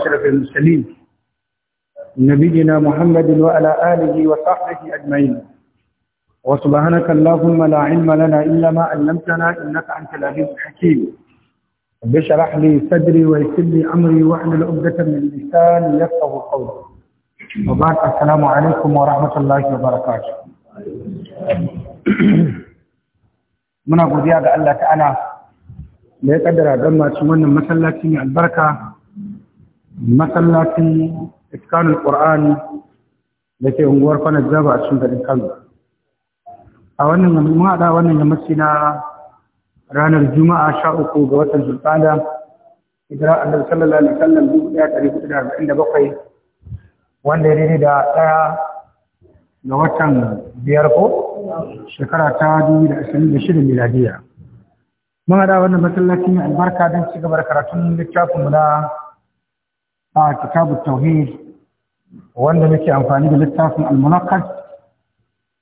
أشرف المسلمين نبينا محمد وعلى آله وصحبه أجمعين وسبحانك اللهم لا علم لنا إلا ما علمتنا إنك أنت العليم الحكيم رب اشرح لي صدري ويسر لي أمري واحلل عقدة من لساني يفقهوا قولي وبعد السلام عليكم ورحمة الله وبركاته من أبو زياد الله تعالى لا يقدر kaddara من masu البركة masallacin itkanul ƙur'ani da ke unguwar kwanar jaba a cikin garin kano a wannan mun haɗa wannan yammaci na ranar juma'a sha uku ga watan zulqada hijira annabi sallallahu alaihi wasallam dubu ɗaya ɗari hudu da arba'in da bakwai wanda ya daidai da ɗaya ga watan biyar ko shekara ta dubu da ashirin da shirin miladiya. Mun haɗa wannan masallacin albarka don ci gaba da karatun littafinmu na آه، كتاب التوحيد وانا نكي انفاني بالكتاب المنقذ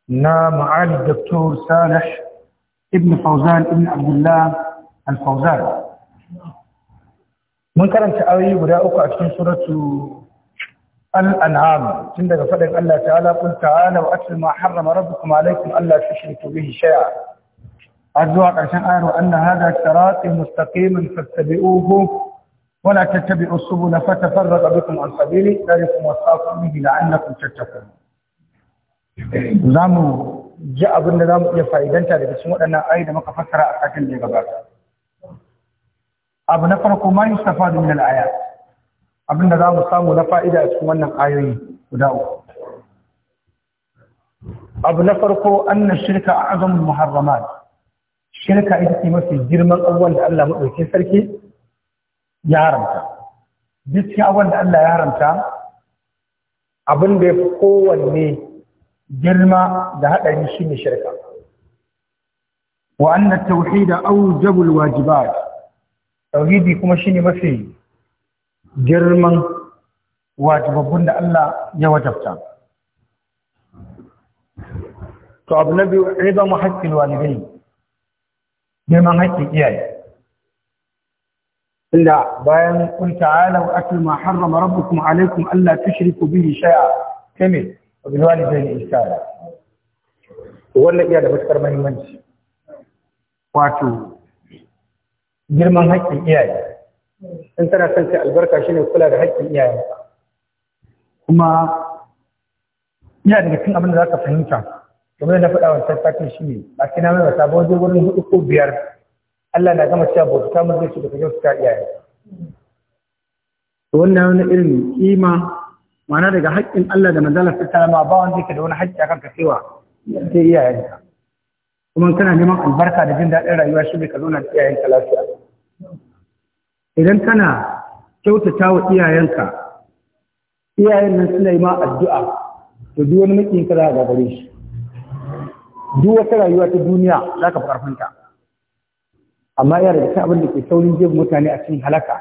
نا معالي الدكتور صالح ابن فوزان ابن عبد الله الفوزان من كان تأوي بداء أكو أكشن سورة الأنعام عندما فلق الله تعالى قل تعالى وأكل ما حرم ربكم عليكم ألا تشركوا به شيئا أرجوك عشان أعرف أن هذا الشراط مستقيم فاتبعوه ولا تتبعوا السبل فتفرق بكم عن سبيلي ذلكم وصاكم به لعلكم تتقون zamu ji abin da zamu iya fa'idanta daga cikin waɗannan ayi da muka fassara a satin da ya gabata abu na farko ma yustafadu min al-ayat abinda da zamu samu na fa'ida a cikin wannan ayoyi guda uku abu na farko anna shirka a a'zamul muharramat shirka ita ce mafi girman abubuwan da Allah madaukakin sarki ya haramta duk abin da Allah ya haramta abin da ya fi kowanne girma da haɗari shi ne shirka wa anna tauhida aujabul wajibat tauhidi kuma shi ne mafi girman wajibabbun da Allah ya wajabta to abu na biyu ba mu haƙƙin walidai neman haƙƙin iyaye inda bayan kun ta'ala wa akil ma harrama rabbukum alaikum alla tushriku bihi shay'a kame wa bil walidayni ihsana wannan iya da matukar muhimmanci wato girman haƙƙin iyaye in tana son sai albarka shine kula da haƙƙin iyaye kuma iya daga cikin abin da zaka fahimta kamar da na faɗa wancan satin shine a kina mai wata ba wajen wurin hudu ko biyar Allah na gama cewa bauta da zai shiga cikin suka iyaye to wannan wani irin kima ma'ana daga haƙƙin Allah da manzalar ma ba wanda yake da wani haƙƙi akan ka cewa sai iyayenka kuma kana neman albarka da jin daɗin rayuwa shi ne ka zauna da iyayenka lafiya idan kana kyautata wa iyayenka iyayen nan suna yi ma addu'a to duk wani makiyin ka za a gagare shi duk wata rayuwa ta duniya za ka fi ƙarfinta amma yana da abin da ke saurin jin mutane a cikin halaka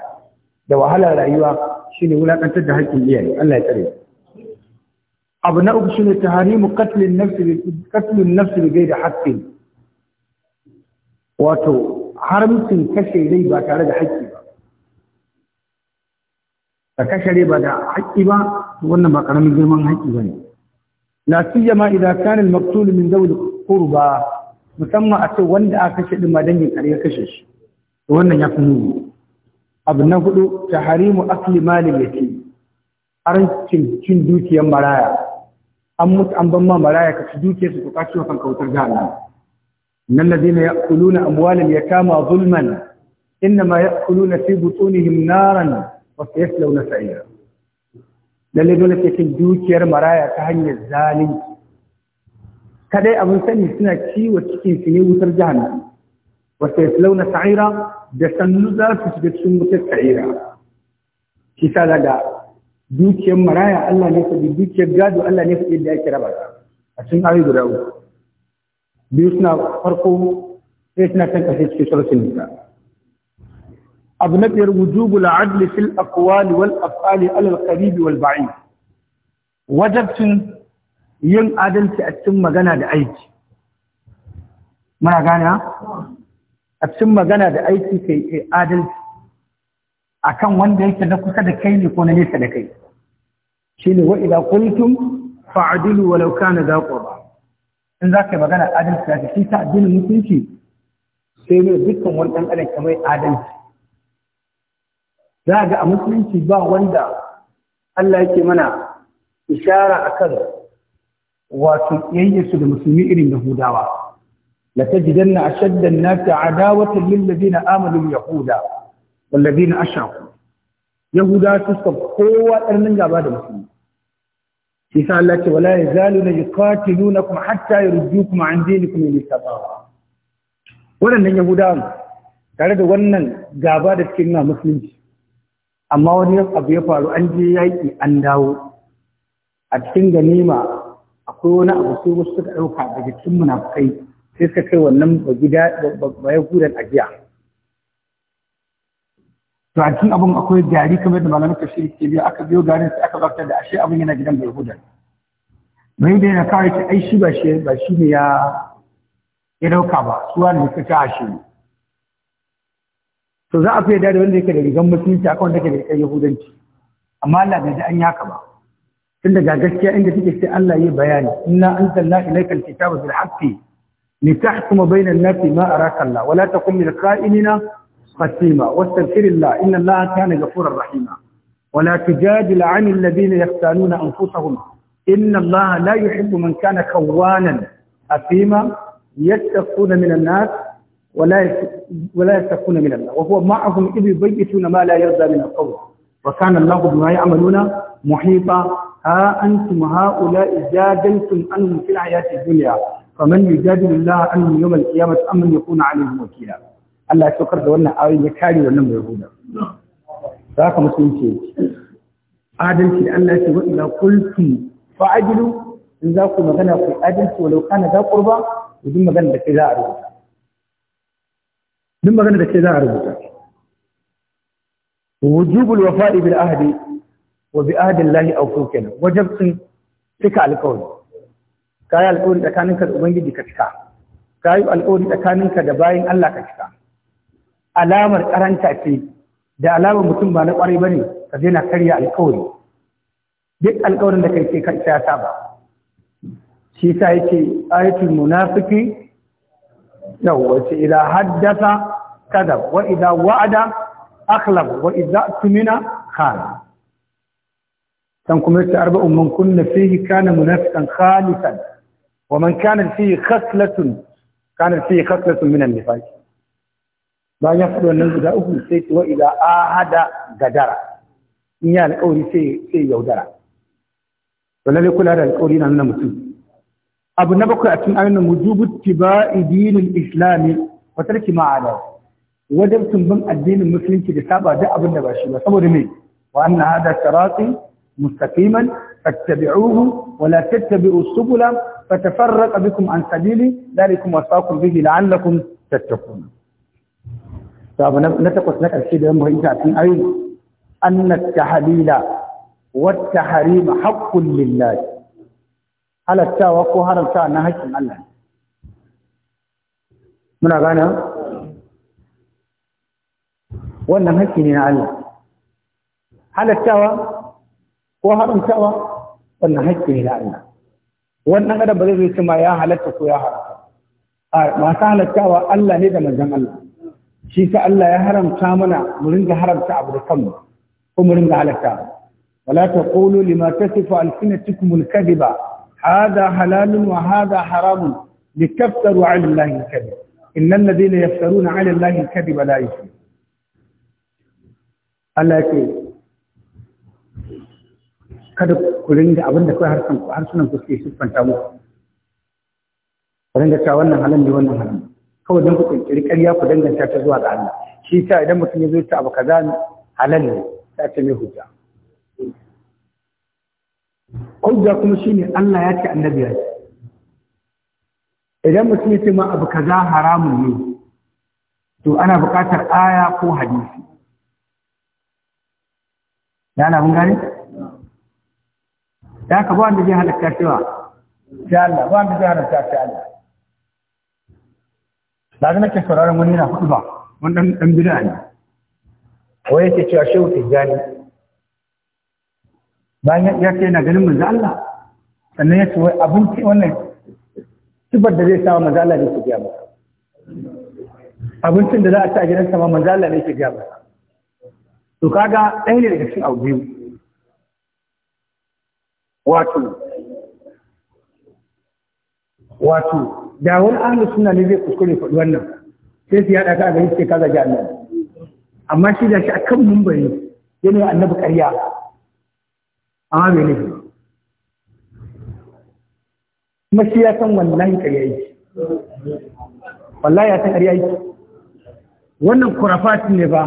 da wahalar rayuwa shine wulakantar da haƙƙin iyaye Allah ya tsare abu na uku shine taharimu qatlin nafsi qatlin nafsi bi ghairi haqqin wato haramcin kashe rai ba tare da haƙƙi ba ka kashe rai ba da haƙƙi ba wannan ba ƙaramin girman haƙƙi bane ne. siyama idan kana al-maqtul min zawil qurba musamman a ce wanda aka kashe din ma dangin kare ya kashe shi wannan ya fi nuni abu na hudu Harimu asali malin ce. harancin cin dukiyar maraya an mutu an ban ma maraya ka ci dukiyar su ka ci wakan kautar jahannama nan ladina ya'kuluna amwalan yatama zulman innama ya'kuluna fi butunihim naran wa sayaslawna sa'ira lalle dole ke cin dukiyar maraya ta hanyar zalunci kadai abin sani suna ciwo cikin su ne wutar jahannam wata ya launa sa'ira da sannu za su shiga cikin wutar sa'ira shi sa daga dukiyar maraya Allah ne faɗi dukiyar gado Allah ne faɗi da yake raba a cikin ayoyi guda uku biyu suna farko sai suna kan kashe cikin suratul nisa abu na biyar wujubul adli fil aqwali wal af'ali al qarib wal ba'id wajabtin yin adalci a cikin magana da aiki muna gana? a cikin magana da aiki kai adalci akan wanda yake na kusa da kai ne ko na nesa da kai shine wa idza fa’adilu wa lauka na zaƙo ba. in zaka yi magana adalci da shi ta addinin mutunci sai ne dukkan wani ɗan ɗan kamar adalci za ga a musulunci ba wanda Allah yake mana ishara akan wato kiyayyarsu da musulmi irin yahudawa la tajidanna ashadda an-nasi adawatan lil ladina amanu yahuda wal ladina ashraku yahuda su ka kowa ɗarnin gaba da musulmi shi sa Allah ce wala yazaluna yuqatilunakum hatta yurdukum an dinikum in istata'u waɗannan yahudawan tare da wannan gaba da cikin na musulunci amma wani abu ya faru an je yaƙi an dawo a cikin ganima akwai wani abu sai wasu suka ɗauka daga na munafukai sai suka kai wannan ba gida ba ya gudan ajiya to a cikin abin akwai gari kamar da malamin tafsiri ke biyu aka biyo garin sai aka bakta da ashe abin yana gidan bai hudan bai da yana kawai ta ai shi ba shi ba shi ne ya ya ɗauka ba su wani da suka ashe ne to za a fi yadda da wanda yake da rigan musulunci akan wanda yake da rigan yahudanci amma Allah bai ji an yaka ba tun daga gaskiya inda take sai Allah yi bayani inna anzalna ilayka alkitaba bil haqqi litahkuma bayna an-nasi ma araka Allah wa la takun min qa'ilina qatima wastaghfirillah inna Allah kana ghafurur rahima wa la tujadil 'anil ladina yaftanuna anfusahum inna Allah la yuhibbu man kana khawanan afima yattaquna min an-nas ولا ولا يتقون من الله وهو معهم ma يبيتون ما min يرضى من القول وكان الله بما يعملون محيطا ha antum haula ijadaltum anhum fil hayati dunya faman yujadilu Allah anhum yawm al-qiyamati am man yakuna alaihim wakila Allah ya saukar da wannan ayoyin ya kare wannan mai huda za ka musulunci adalci da Allah ya ce wa ila qultum fa'adilu in za ku magana ku adalci walau kana za qurba duk magana da kai za a rubuta duk magana da kai za a rubuta wujubul wafa'i bil ahdi wa bi ahdillahi awfu wajen wajibcin cika alƙawari ka yi alƙawari tsakaninka da ubangiji ka cika ka yi tsakaninka da bayan Allah ka cika alamar karanta ce da alamar mutum ba na ba bane ka je na karya alƙawari duk alƙawarin da kai ce ka ya saba shi sa yake ayatul munafiki yawwa ce ila haddasa kada? wa idza wa'ada akhlaf wa idza tumina khana kuma كان كملت أربع من كنا فيه كان منافقا خالصا ومن كان فيه خصلة كان فيه خصلة من النفاق bayan ya faɗi wannan guda uku sai ce wa ila ahada gadara in ya alƙawari sai yaudara to lalle kula da alƙawari na nuna mutum abu na bakwai a cikin ayyukan wujubu tiba'i dinin islami wa tarki ma'ala wajen tumbin addinin musulunci da saba da abin da ba shi ba saboda me wa anna hada sirati مستقيما فاتبعوه ولا تتبعوا السبل فتفرق بكم عن سبيلي ذلكم وصاكم به لعلكم تتقون طب نتقص لك الشيء ده مهم عشان أي أن التحليل والتحريم حق لله هل على يعني هل هذا هل نهج من الله من أغانا wannan hakki ne الله هل halattawa ko haramtawa wannan haƙƙi ne na Allah wannan adam ba zai zai ma ya halatta ko ya haramta a masu halattawa Allah ne da manzon Allah shi ka Allah ya haramta mana mu ringa haramta abu da kanmu ko mu ringa halatta wala taqulu lima tasifu alsinatukum alkadiba hadha halalun wa hadha haramun لتفتروا على الله الكذب إن الذين يفترون على الله الكذب لا Allah ya ce. kada ku ringa abin da kai harsun ku harsunan ku suke siffanta muku ku ringa cewa wannan halin ne wannan halin kawai don ku kirkiri ƙarya ku danganta ta zuwa ga Allah shi ta idan mutum ya zo ta abu kaza halal ne ta ce mai hujja hujja kuma shine Allah ya ce annabi ya ce idan mutum ya ce ma abu kaza haramun ne to ana buƙatar aya ko hadisi yana mun gane da haka ba wanda zai halatta cewa sai Allah ba wanda zai halatta Allah da ga nake sauraron wani yana hudu ba wani dan bid'a ne ko yake cewa shehu tijani bayan ya ce yana ganin manzo Allah sannan ya ce wai abinci wannan tubar da zai samu manzo Allah ne ke gaba abincin da za a ci a gidansa ma manzo Allah ne ke gaba to kaga ɗaya ne daga cikin abu biyu wato wato da wani ahlu suna ne zai kuskure faɗi wannan sai su yaɗa ka a gari sai ka zagi annabi amma shi da shi a kan mumbari yana annabi ƙarya amma bai nufi kuma shi ya san wallahi ƙarya yi wallahi ya san ƙarya yi? wannan kurafat ne ba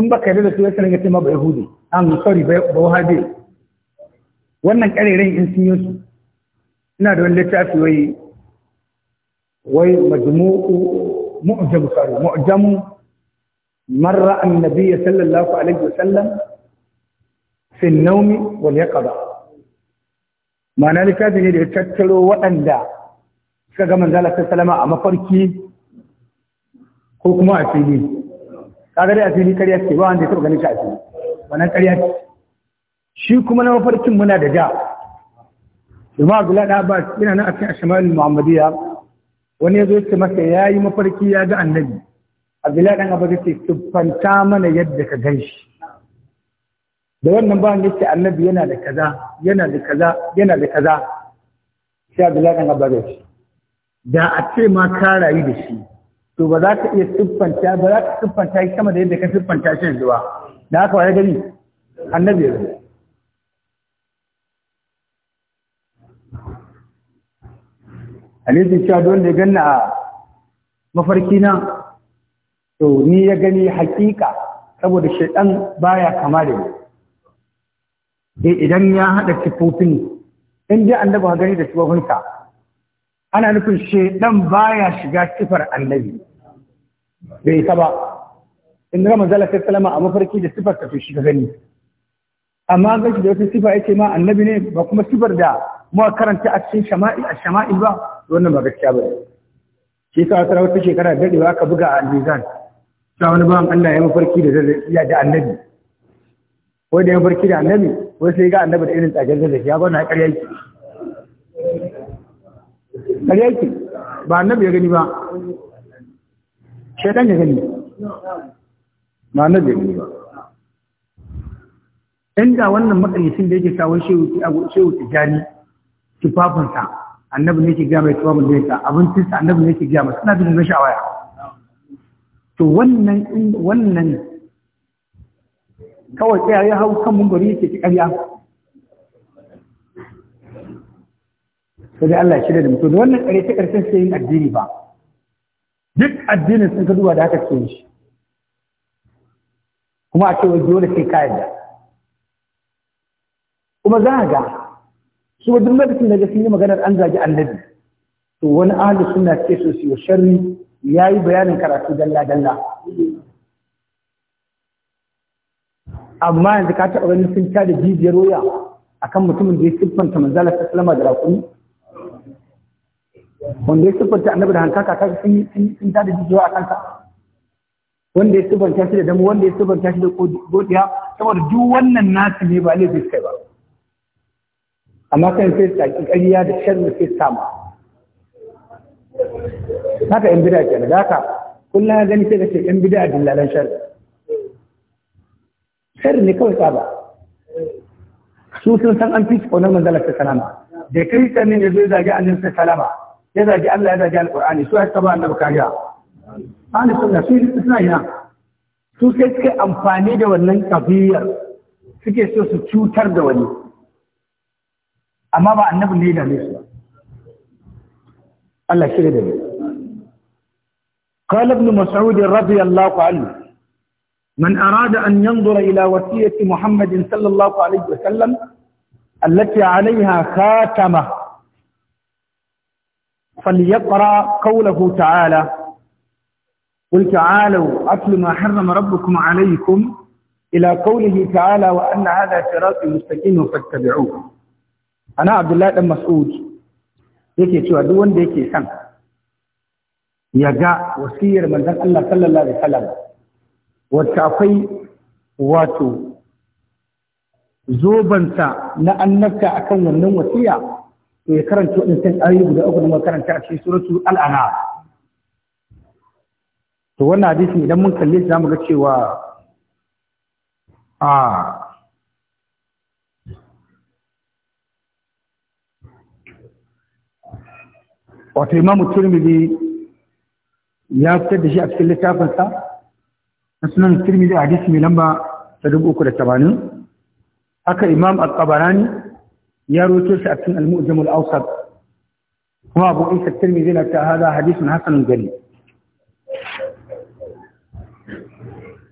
in baka yarda da su ya sanar ga ce ma ba yahudi an sorry ba wahabi wannan ƙarerayin in sun yi su ina da wani littafi wai wai majmu'u mu'jamu sorry mu'jamu marra annabi sallallahu alaihi wasallam fi an-nawm wal yaqda ma'ana littafi ne da ya tattaro waɗanda suka ga manzala sallama a mafarki ko kuma a fili kaga dai a fili ƙarya ce ba wanda ya taɓa ganin shi a fili wannan ƙarya ce shi kuma na mafarkin muna da ja Dama a da abbas yana nan a cikin ashamalul muhammadiyya wani ya zo ce masa ya yi mafarki ya ga annabi A abdullahi dan abbas yace siffanta mana yadda ka gan shi da wannan ba bawan yake annabi yana da kaza yana da kaza yana da kaza sai abdullahi dan abbas yace da a ce ma ka rayu da shi to ba za ka iya siffanta ba za ka siffanta shi sama da yadda ka siffanta shi yanzu ba da haka ya gani annabi ya zo hadisin cewa don da ganna a mafarki na to ni ya gani hakika saboda shaidan baya kama da ni eh, idan ya haɗa tufofin in ji annabi ha gani da sifofinsa ana nufin shaidan baya shiga sifar annabi bai ta ba in ga manzala sai salama a mafarki da sifar ta to shiga gani amma gashi da wata sifa yake ma annabi ne ba kuma sifar da mu karanta a cikin shama'i a shama'i ba wannan ba gaskiya ba shi sa a sarauta shekara daɗewa aka buga a al-mizan ta wani bawan Allah ya mafarki da zazzabiya da annabi ko da ya mafarki da annabi ko sai ga annabi da irin tsagen zazzabi ya gwana ƙarya yake ƙarya yake ba annabi ya gani ba shaitan ya gani ba annabi ya gani ba inda wannan matsayacin da yake kawo shehu tijani tufafinsa annabi ne ke gaya mai tuwa ka abincin sa annabi ne ke gama mai suna jin gashi a waya to wannan wannan kawai tsaya ya hau kan mumbari yake ci ƙarya sai Allah ya shirya da mutum da wannan kare ta ƙarshen sai yin addini ba duk addinin sun ka duba da haka ce shi kuma a cewa dole sai ka yarda kuma za ga su duk lokacin da sun yi maganar an zagi annabi to wani ahli suna ce su yi sharri yayi bayanin karatu dalla dalla amma yanzu ka taɓa ganin sun da jijiyar waya akan mutumin da ya siffanta manzala ta salama da raƙumi wanda ya siffanta annabi da hankaka ta sun da jijiyar a kansa wanda ya siffanta shi da damu wanda ya siffanta shi da godiya saboda duk wannan nasu ne ba laifin kai ba amma kan sai ta ki ƙarya da sharri sai ma. haka in bid'a ke da haka kullum gani sai kace in bid'a dillalan sharri sharri ne kawai tsaba su sun san an fi tsoron manzala ta salama da kristan ne zai zagi annabi ta salama ya zagi Allah ya zagi alqur'ani su ya taba annabi kariya ahli na su suna ina su sai suke amfani da wannan kafiyar suke so su cutar da wani amma ba annabin ne da su Allah shi da ni قال ابن مسعود رضي الله عنه من أراد أن ينظر إلى وصية محمد صلى الله عليه وسلم التي عليها خاتمة فليقرأ قوله تعالى قل تعالوا أكل ما حرم ربكم عليكم إلى قوله تعالى وأن هذا صراطي مستقيم فاتبعوه ana abdullahi dan mas'ud yake cewa duk wanda yake san ya ga wasiyar manzon Allah sallallahu alaihi wasallam wacce akwai wato zobansa na annabta akan wannan wasiya to ya karanta waɗancan ayoyi guda uku da karanta a cikin suratul al'ana to wannan hadisi idan mun kalle shi zamu ga cewa a ah, wato imamu turmidi ya fitar da shi a cikin littafinsa na sunan turmidi a hadisi mai lamba ta dubu uku da tamanin haka imam al-qabarani ya roto shi a cikin al-mu'jam al-awsat kuma abu isa turmidi na ta hada hadisin hasanun gani.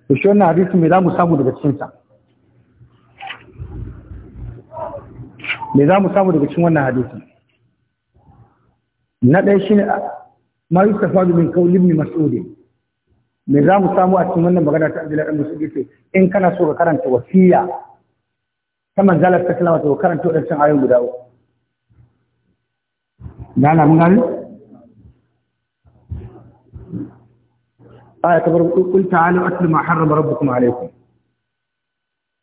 to shi wannan hadisi mai za mu samu daga cikinsa me za mu samu daga cikin wannan hadisi na ɗaya shi ne ma yi tafadu min kauli ibn mas'ud me za mu samu a cikin wannan magana ta Abdullahi ibn Mas'ud yace in kana so ka karanta wasiya ta manzalar ta kalama to karanta wadannan ayoyin guda uku na na mun gani آية تبر قل تعالوا أتل ما حرم ربكم عليكم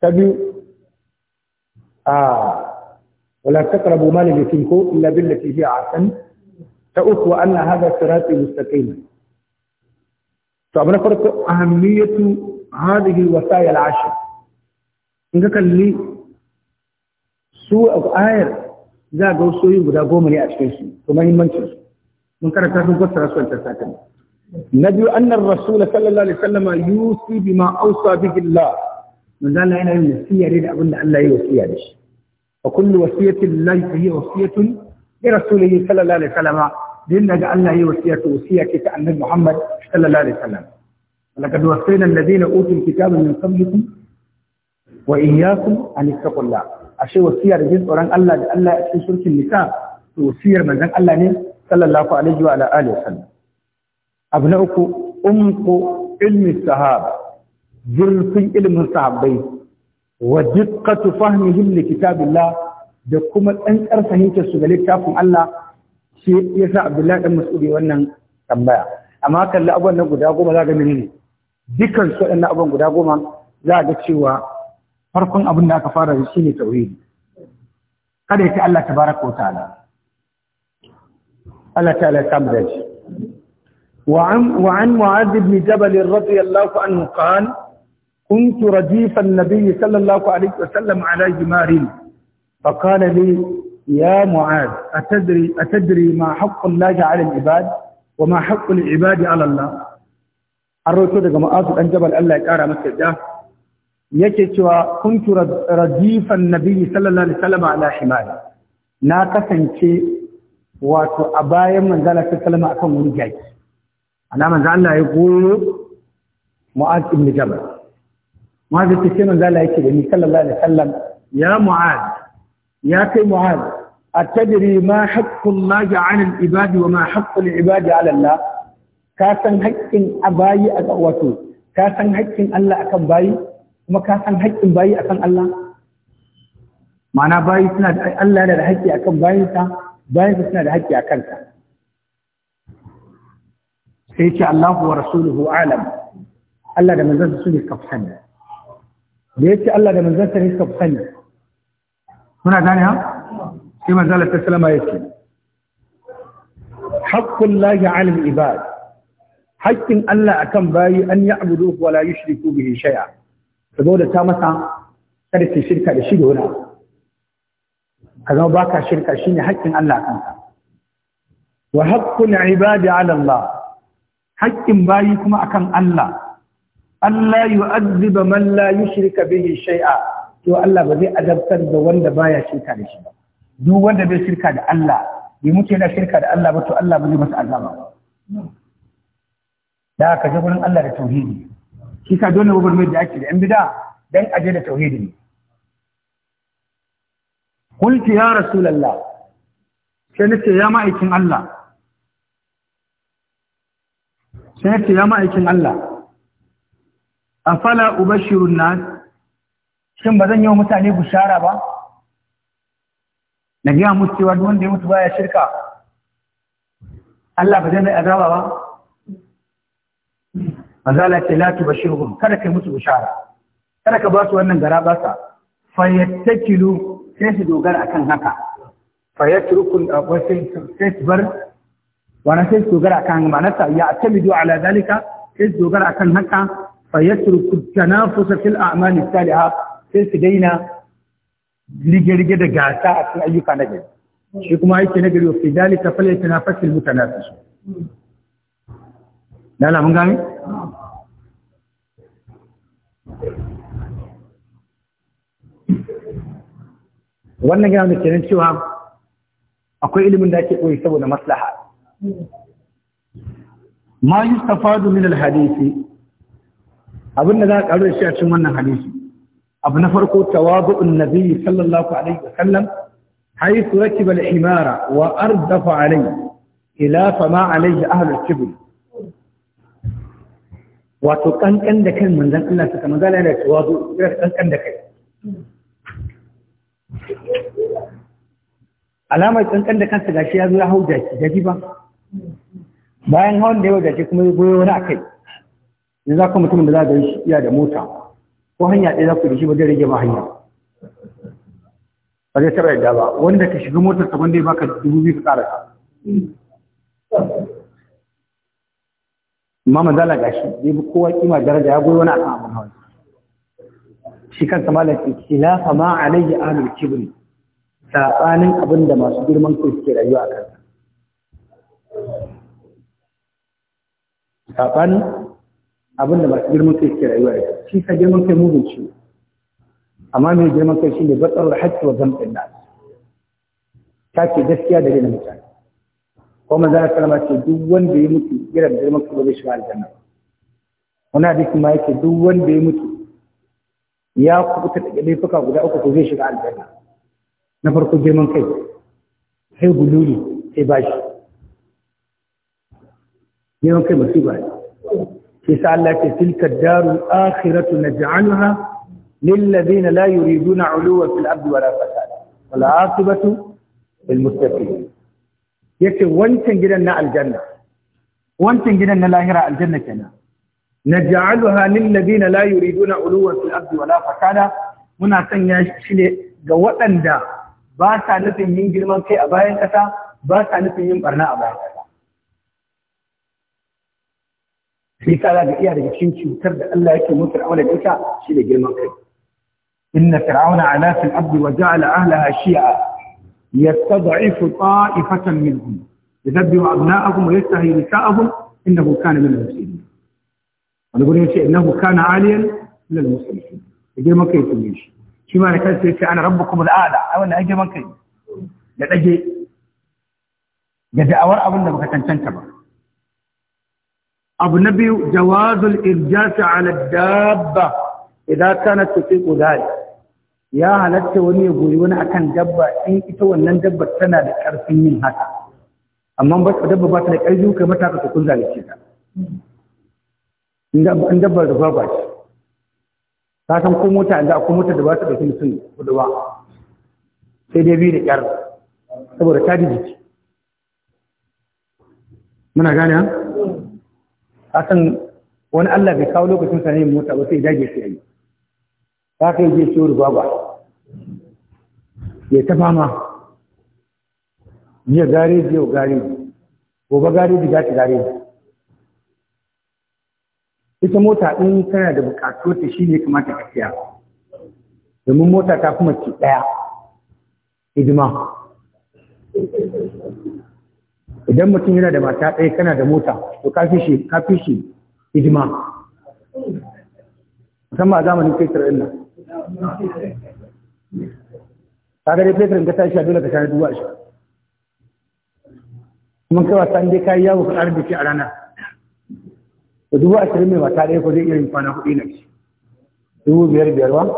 تبي آه ولا تقربوا مال اليتيم إلا بالتي هي أحسن ta uku wa anna hadha sirati mustaqima to abu na farko ahammiyatu hadhihi alwasaya al'ashr in ka kalli su ayar za ga wasu guda goma ne a cikin su to mahimmanci su mun karanta sun fassara su ta sa sakan na biyu annar rasul sallallahu alaihi wasallam yusi bima awsa bihi Allah mun zalla yana yin wasiya ne da abin da Allah ya wasiya da shi fa kullu wasiyatin lillahi hiya wasiyatun li rasulihi sallallahu alaihi wasallam din daga Allah yi wasiya ta wasiya ce ta annabi Muhammad sallallahu alaihi wasallam laqad wasayna alladhina utul kitaba min qablikum wa iyyakum an ittaqullah ashe wasiya da jin tsoron Allah da Allah ya cikin surkin nisa to wasiyar manzon Allah ne sallallahu alaihi wa alihi wasallam abu na uku umku ilmi sahaba zurfin ilmin sahabbai wa diqqatu fahmihim li kitabillah da kuma tsantsar fahimtar su ga littafin Allah shi ya sa abdullahi dan mas'udi wannan tambaya amma kalli abubuwan nan guda goma za ga menene dukkan su waɗannan abubuwan guda goma za ga cewa farkon abin da aka fara da shi ne tauhidi kada ya ce Allah ta tabaraka wa ta'ala Allah ta ta'ala ya samu da shi وعن وعن معاذ بن جبل رضي الله عنه قال كنت رديف النبي صلى الله عليه وسلم على جمار فقال لي يا معاذ أتدري, أتدري ما حق الله على العباد وما حق العباد على الله الرسول دقم آسف أن جبل الله يكارى مسجد yake cewa kuntu radifan nabi sallallahu alaihi wasallam ala himari na kasance wato a bayan manzala ta akan wani jaki ana manzo ya goyo Mu'az ibn Jabal Mu'az ta ce manzo Allah da ni sallallahu alaihi wasallam ya Mu'az ya kai Mu'az atadri ma haqqullahi a al-ibadi wa ma ibadi 'ala Allah ka san haƙƙin bayi a wato ka san haƙƙin Allah akan bayi kuma ka san haƙƙin bayi akan Allah ma'ana bayi suna da Allah yana da haƙƙi akan bayinsa suna da haƙƙi akan sa sai ce Allahu wa rasuluhu alam Allah da manzansa su ne kafsan da yace Allah da ha sai manzala ta salama ya ce haƙƙun lahi alal ibad haƙƙin Allah akan bayi an yi abu wa la yushriku bihi shay'a saboda ta masa kada ki shirka da shi da wani ka zama baka shirka shine haƙƙin Allah ka. wa haƙƙun ibadi ala Allah haƙƙin bayi kuma akan Allah Allah yu'azziba man la yushrika bihi shay'a to Allah ba zai adabtar da wanda baya shirka da shi ba duk wanda bai shirka da Allah bai mutu yana shirka da Allah ba to Allah bai masa azaba da ka je gurin Allah da tauhidi shi ka dole gurin mai da ake da yan bid'a dan aje da tauhidi ne qulti ya rasulullah sai nace ya ma'aikin Allah sai nace ya ma'aikin Allah afala ubashirun nas shin bazan yi wa mutane bushara ba na gaya musu cewa duk wanda ya mutu baya shirka Allah ba zai mai azaba ba azala ce ba tubashirhum kada kai musu bishara kada ka ba su wannan gara ba sa fayattakilu sai su dogara akan haka fayatrukun eh, wasai sai su bar wani sai su dogara akan ma'anarsa ya atamidu ala zalika sai su dogara akan haka fayatrukun tanafusa fil a'mali salihah sai su daina rige-rige da gasa a cikin ayyuka na gari shi kuma aiki na gari wa fi fasil fal su su na lamun gami? wannan gina da kenan cewa akwai ilimin da ake koyi saboda maslaha ma yustafadu min alhadisi abinda za a karu shi a cikin wannan hadisi abu na farko tawadu'un nabi sallallahu alaihi wa sallam haythu rakiba al-imara wa ardafa alayhi ila fama alaihi ahlul kibr wato kankan da kan manzon Allah suka manzon Allah ya tawazu ya kankan da kai alamar kankan da kansa gashi ya zo ya hau jaki jaki ba bayan hawan da ya jaki kuma ya goyo wani akai yanzu akwai mutumin da za ga shi iya da mota ko hanya ɗaya za ku da shi ba zai rage ma hanya ba zai taɓa yadda ba wanda ka shiga motar ka wanda ya baka dubu biyu ka ƙara ka amma manzala gashi zai bi kowa kima daraja ya goyi wani akan abin hawa shi kansa malam ikilafa ma alayhi ahlul kibri sabanin abin da masu girman kai suke rayuwa a kansa sabanin abin da masu girman kai ke rayuwa da shi ka girman kai mugun ciwo amma mai girman kai shi ne batsar da hakki wa zamɗin na ta ce gaskiya da rena mutane ko manzan Allah sallama ce duk wanda ya mutu irin girman kai ba zai shiga aljanna wani hadisi ma yake duk wanda ya mutu ya kubuta daga laifuka guda uku ko zai shiga aljanna na farko girman kai sai gululi sai bashi girman kai musiba ne isa Allah ke tilka daru akhiratu naj'alha lil ladina la yuriduna 'uluwa fil ardi wala fasada wal 'aqibatu lil muttaqin yace wancan gidan na aljanna wancan gidan na lahira aljanna kenan naj'alha lil ladina la yuriduna 'uluwa fil ardi wala fasada muna sanya shi ne ga waɗanda ba sa nufin yin girman kai a bayan ƙasa, ba sa nufin yin barna a bayan sai ka ga iya daga cikin cutar da Allah yake mu fir'auna da ita shi da girman kai inna fir'auna ala fil ardi wa ja'ala ahlaha shi'a yastad'ifu ta'ifatan minhum yadabbiru abna'ahum wa yastahi nisa'ahum innahu kana min al-mufsidin wani gurin yace innahu kana aliyan min al-mufsidin da girman kai ne shi shi ma da kansa yace ana rabbukum al-a'la ai wannan ai girman kai da dage ga da'awar abin da baka cancanta ba abu na biyu jawazul irjasi ala dabba idan kana tafi kudari ya halatta wani ya goyi wani akan dabba in ita wannan dabba tana da karfin yin haka amma ba dabba ba ta da karfi kai mata ka tukun zalice ta in dabba da ba ce ta san ko mota inda akwai mota da ba ta dauki mutum kudu ba sai dai biyu da kyar saboda ta jiki muna gane ha kasan wani Allah bai kawo lokacin sa ne mota ba sai dage shi yi. ta kai je ciwo gwagwa ya ta fama jiya gareji yau gareji gobe gareji ga ta gareji ita mota in tana da bukatu ta shi ne kamata ka siya domin mota ta kuma ci daya hidima idan mutum yana da mata ɗaya kana da mota to ka shi, ka shi, hidima musamman a zamanin fetur ɗin nan ka ga fetur ka tashi a dole ka tare duwa shi. mun kai san dai ka yi yawo ka ƙarar biki a rana da dubu ashirin mai mata ɗaya ko zai iya yin kwana kuɗi na shi dubu biyar biyar ba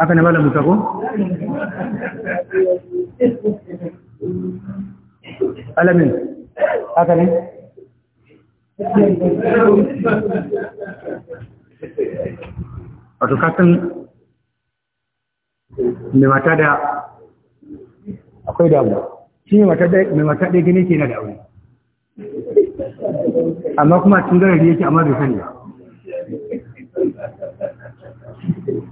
haka na malamu ko alamin haka ne wato kasan mai mata da akwai damu shi mai mata ɗaya gani ke na da aure amma kuma cikin garari yake amma bai sani ba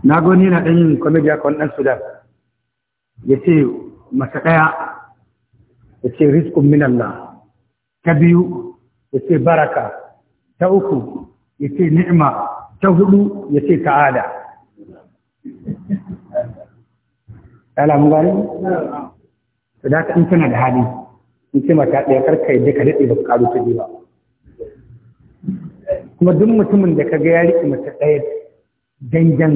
na gani yana ɗanyin kwamediya kwanan ɗan sudan ya ce mata ɗaya ya ce rizqun min Allah ta biyu ya ce baraka ta uku ya ce ni'ima ta hudu ya ce ta'ada alamu gani to da in kana da hali in ce mata ɗaya karka yadda ka daɗe ba ka ƙaru ta ba kuma duk mutumin da ka ga ya riƙe mace ɗaya dangan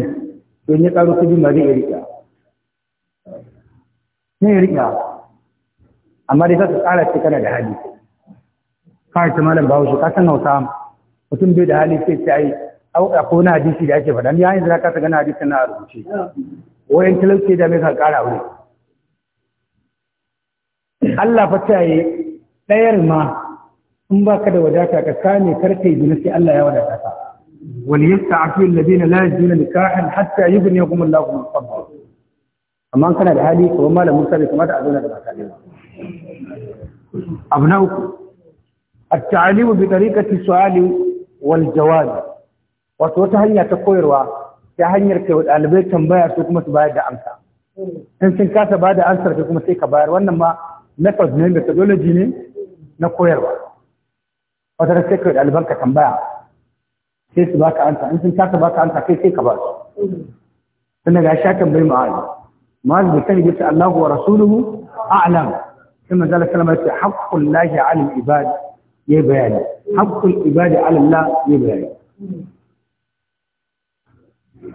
don ya ƙaru ta ba zai iya riƙa sai ya riƙa amma dai ka tsara ce kana da hali kawai ta malam shi. ka san hausa mutum bai da hali sai sai ai akwai wani hadisi da ake faɗa ni yayin za ka ta gana hadisi na rubuce wayan talauci da mai ka ƙara wuri Allah fa ta yi ɗayar ma in ba ka da wadata ka kame karka yi na sai Allah ya wadata ka wal yasta'afu alladhina la yajiduna nikahan hatta yughniyahum Allahu min fadlihi amma kana da hali kuma malamin ka bai kamata a zauna da mata ne abu na uku التعليم بطريقة السؤال والجواب وتوتهنيا تقويروا تهنيا الألبية تنبايا سوكما تبايا دا أمسا in sun kasa ba da ansar ka kuma sai ka bayar wannan ma method ne methodology ne na koyarwa wata da sai ka ɗaliban ka tambaya sai su baka ansa in sun kasa baka ansa kai sai ka ba su tunda ga sha tambayi ma'azi ما ذكر جت الله ورسوله أعلم كما قال كلمة حق الله على العباد يبيان حق العباد على الله يبيان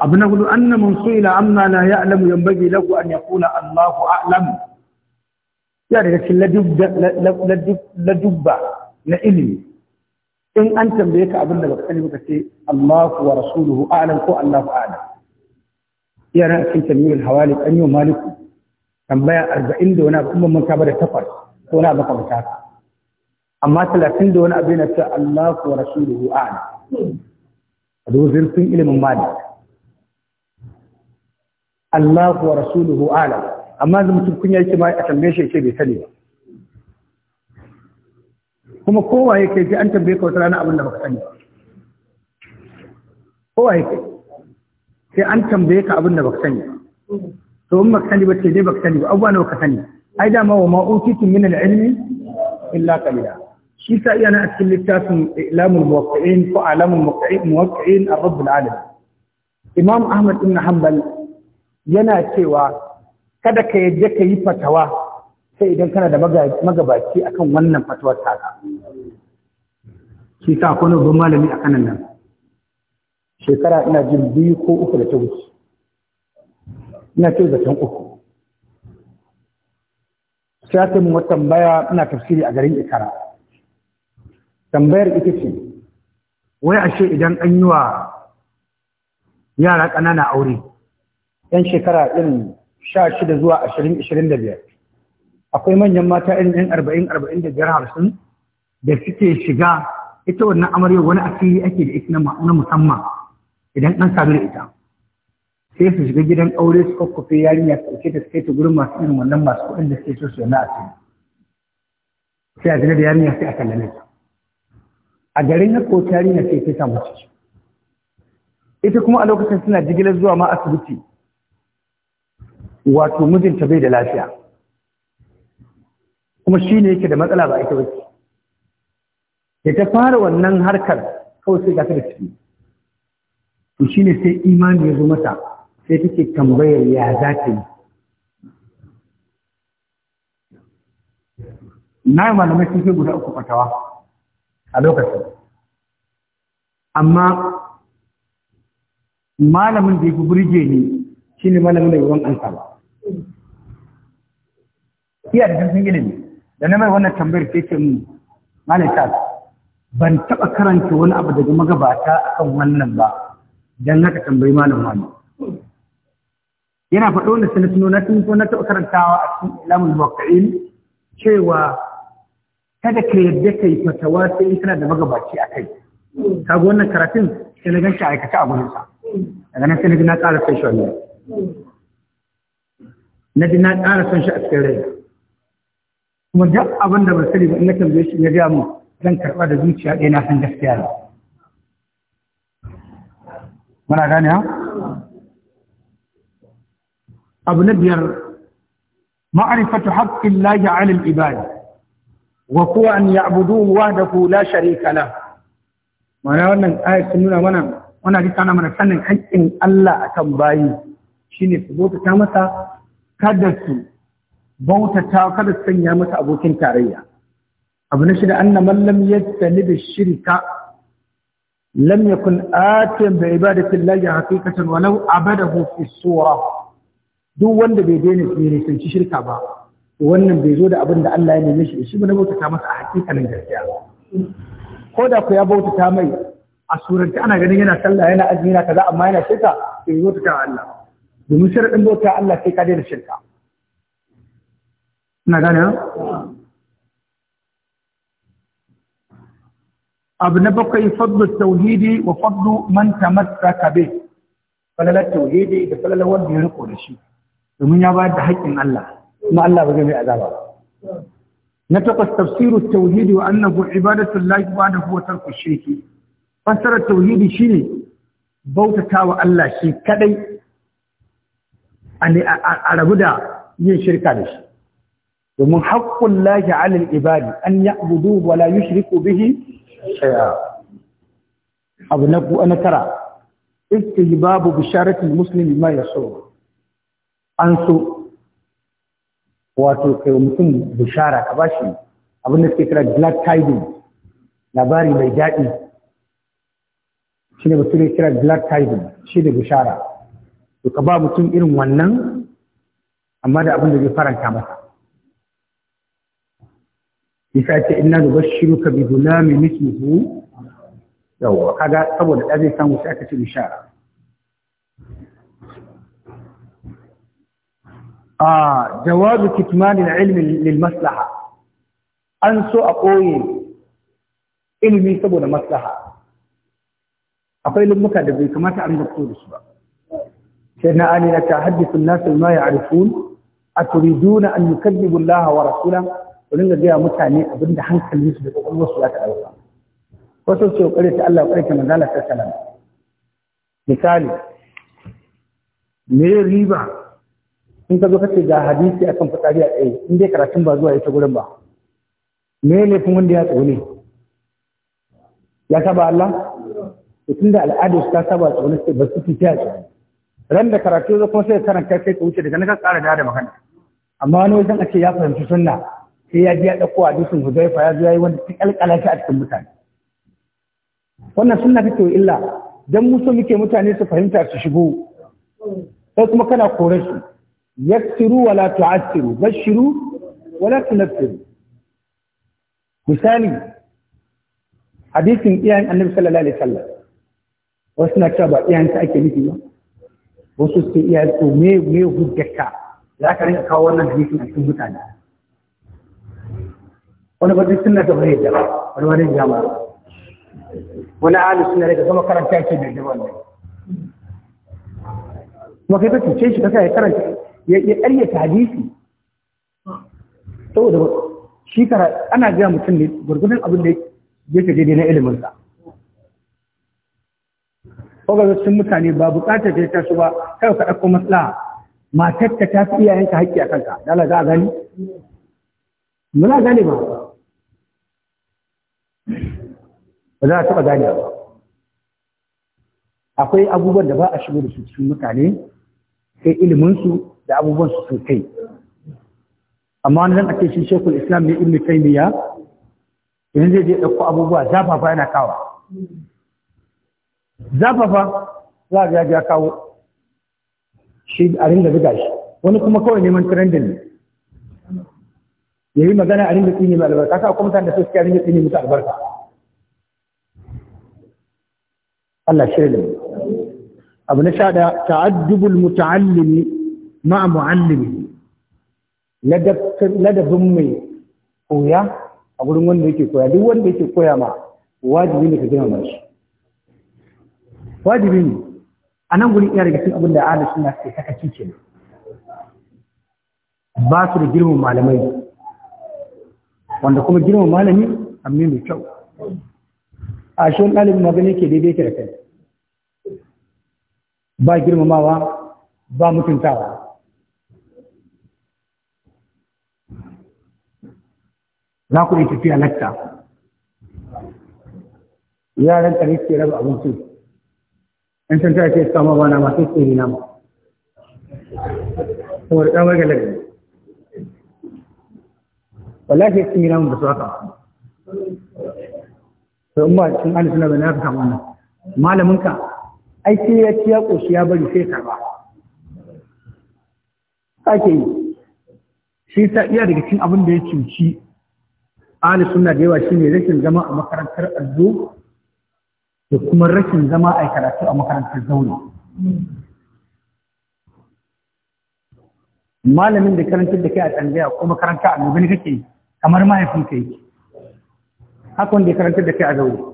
أبنه أن من سئل عما لا يعلم ينبغي له أن يقول الله أعلم يعني لكن لدب لعلم إن أنت بيك أبنه بكتني بكتي الله ورسوله أعلم كو الله أعلم yana a cikin tamiyul hawali an yi maliku tambaya arba'in da wani abin mun kaba da takwas ko wani baka kamar amma talatin da wani abin yana ce Allah wa rasuluhu ala a dozin sun ilimin malik Allah wa rasuluhu ala amma zan mutum kun yake ma a tambaye shi yake bai sani ba kuma kowa yake ji an tambaye ka wata rana abin da baka sani ba kowa yake sai an tambaye ka abin da baka sani to in baka sani ba ce dai baka sani ba abuwa nawa ka sani ai dama wa ma utitum min al-ilmi illa qalila shi sa iya na a cikin littafin ilamul muwaqqi'in ko alamul muwaqqi'in ar-rabb al-alamin imam ahmad ibn hanbal yana cewa kada ka yadda ka yi fatawa sai idan kana da magabaci akan wannan fatawar taka shi sa akwai babban malami a kanan nan shekara ina jin biyu ko uku da ta wuce ina ce zaton uku shafin aka wata tambaya ina tafsiri a garin ikara tambayar ita ce wai ashe idan an yi wa yara ƙanana aure yan shekara ɗin sha shida zuwa ashirin ashirin da biyar akwai manyan mata irin yan arba'in arba'in da biyar hamsin da suke shiga ita wannan amaryar wani asiri ake da ita na musamman idan an samu da ita sai su shiga gidan aure su kwakwafe yarinya su ɗauke ta sai ta gurin masu irin wannan masu kuɗin da suke so su yana a cikin sai a gina da yarinya sai a kallame ta a garin haka wata yarinya sai ta samu ciki ita kuma a lokacin suna jigilar zuwa ma asibiti wato mijinta bai da lafiya kuma shi ne yake da matsala ba ita ba ke. ta fara wannan harkar kawai sai ga ta da ciki to ne sai imani ya zo mata sai take tambayar ya za ta yi na yi malamai sun fi guda uku fatawa a lokacin amma malamin da ya fi burge ni shi ne malamin da yawan ansa ba iya da jirgin ilimi da na mai wannan tambayar ke ce mu malam ban taɓa karanta wani abu daga magabata akan wannan ba dan haka tambayi malam wani yana faɗo da sai na tuno na na taɓa karantawa a cikin ilamul muwakka'in cewa kada ka yadda kai fatawa sai kana da magabaci a kai kaga wannan karatun sai na ganci aikata a gurinsa daga nan sai na na ƙara sai shi na ji na ƙara son shi a cikin rai kuma duk abin da ban sani ba in na tambaye shi ya gaya mu zan karɓa da zuciya ɗaya na san gaskiya ne muna gane ha abu na biyar ma'arifatu haƙƙin lahi alil ibadi wa kuwa an ya'buduhu wahdahu la sharika la mana wannan ayat sun nuna mana wannan hadisi mana sanin haƙƙin Allah akan bayi shine su ta masa kada su bautata kada su sanya masa abokin tarayya abu na shida anna man lam yastanib shirka lam yakun atiyan bi ibadati llahi haqiqatan walau abadahu fi sura duk wanda bai daina tsire sai shirka ba wannan bai zo da abinda da Allah ya neme shi shi ne bautata masa a hakikanin gaskiya ko da ku ya bautata mai a suranta ana ganin yana sallah yana azumi yana kaza amma yana shirka to ya bautata Allah domin sharadin bauta Allah sai ka daina shirka ina gane abu na bakwai fadlu tauhidi wa fadlu man tamassaka bih falalar tauhidi da falalar wanda ya riko da shi domin ya bayar da haƙƙin Allah kuma Allah ba zai mai azaba ba na takwas tafsiru tauhidi wa annahu ibadatu llahi wa annahu wa tarku shirki Fasarar tauhidi shine bautatawa Allah shi kadai a rabu da yin shirka da shi domin haƙƙun lahi alil ibadi an ya abudu wa la yushriku bihi shay'a abu na ku na tara babu bisharatil musulmi ma so an so wato kai mutum bishara ka bashi abin da suke kira glad tidings labari mai daɗi shi ne mutum ya kira glad tidings shi ne bishara to ka ba mutum irin wannan amma da abin da zai faranta masa isa ce ina da bashiru ka bi gulami mislihu yawwa kaga saboda ɗan zai samu sai aka ce bishara a jawabu kitman ilmi lil maslaha an so a ƙoye ilmi saboda maslaha akwai lummuka da bai kamata an gasko da su ba sai na ali ta haddisa nasu ma ya arifun a turiduna an yukaddibu Allah wa rasulan ku dinga gaya mutane abin da hankalin su da kwakwalwarsu za ta ɗauka wasu ce ƙware ta Allah ƙware ta manzala ta salam misali me riba in ka zo kace ga hadisi akan fitari a tsaye in dai karatun ba zuwa ita gurin ba me laifin wanda ya tsone ya saba Allah tun da su ta saba tsoni sai ba su fi ta tsone ran da karatu zai kuma sai karanta sai ka wuce daga nan ka tsara da magana amma wani wajen a ce ya fahimci sunna sai ya ji ya ɗauko dusun Hudayfa ya zo ya yi wanda ta ƙalƙala shi a cikin mutane wannan sunna take illa dan muso muke mutane su fahimta su shigo sai kuma kana kore su yaksiru wala tu'assiru bashiru wala tunaffiru misali hadisin iyayen annabi sallallahu alaihi wasallam wasu na cewa ba iyayensa ake nufi ba wasu su iyayen su me me hujjarka za ka rinka kawo wannan hadisin a cikin mutane wani ba duk sunna ta bai yadda wani wani jama'a wani Ali sunna daga sama karanta ke da jama'a ne kuma kai kake cuce shi kasa ya karanta ya ƙaryata hadisi saboda shi kara ana gaya mutum ne gurgurdan abin da yake daidai na ilimin sa sun mutane ba bukatar da ta su ba kai ka ɗauko matsala matar ta ta fi iyayenka haƙƙi a kanka dala za a gani Muna a gane ba ba za a taɓa gane ba akwai abubuwan da ba a shigo da su cikin mutane sai iliminsu da abubuwan su sun kai amma wani nan ake shi shekul islam ne ne ya? idan zai je ɗauko abubuwa zafafa yana kawa zafafa za a ya kawo shi a ringa zuga shi wani kuma kawai neman trendin ne ya yi magana a ringa tsini mai albarka ka kuma mutane da su suke ringa tsini mutu albarka Allah shirya da mu abu na sha da ta'addubul muta'allimi ma'a mu'allimi ladabin mai koya a gurin wanda yake koya duk wanda yake koya ma wajibi ne ka gina girmama shi wajibi ne a nan gurin iya daga cikin abin da ahli suna suke sakaci kenan ba su da girman malamai wanda kuma girman malami amma mai kyau a shi wani ɗalibin magana ke daidai ke da kai ba girmamawa ba mutuntawa za ku yi tafiya latta yaran ɗari ke raba abinci in sun tara ce kama ba na masu tsiri na ma ɗan warga lagari wallahi sai tsiri na mu ba su haka don ba cikin ahli suna bane ka samu wannan malamin ka ai ya ci ya koshi ya bari sai karba ake yi shi ta iya daga cikin abin da ya cuci ahli suna da yawa shi ne rashin zama a makarantar allo da kuma rashin zama a karatu a makarantar Zauna. malamin da karantar da kai a tsangaya ko makaranta a gaba ne kake kamar mahaifin ka yake hakan da ya karanta da kai a zaure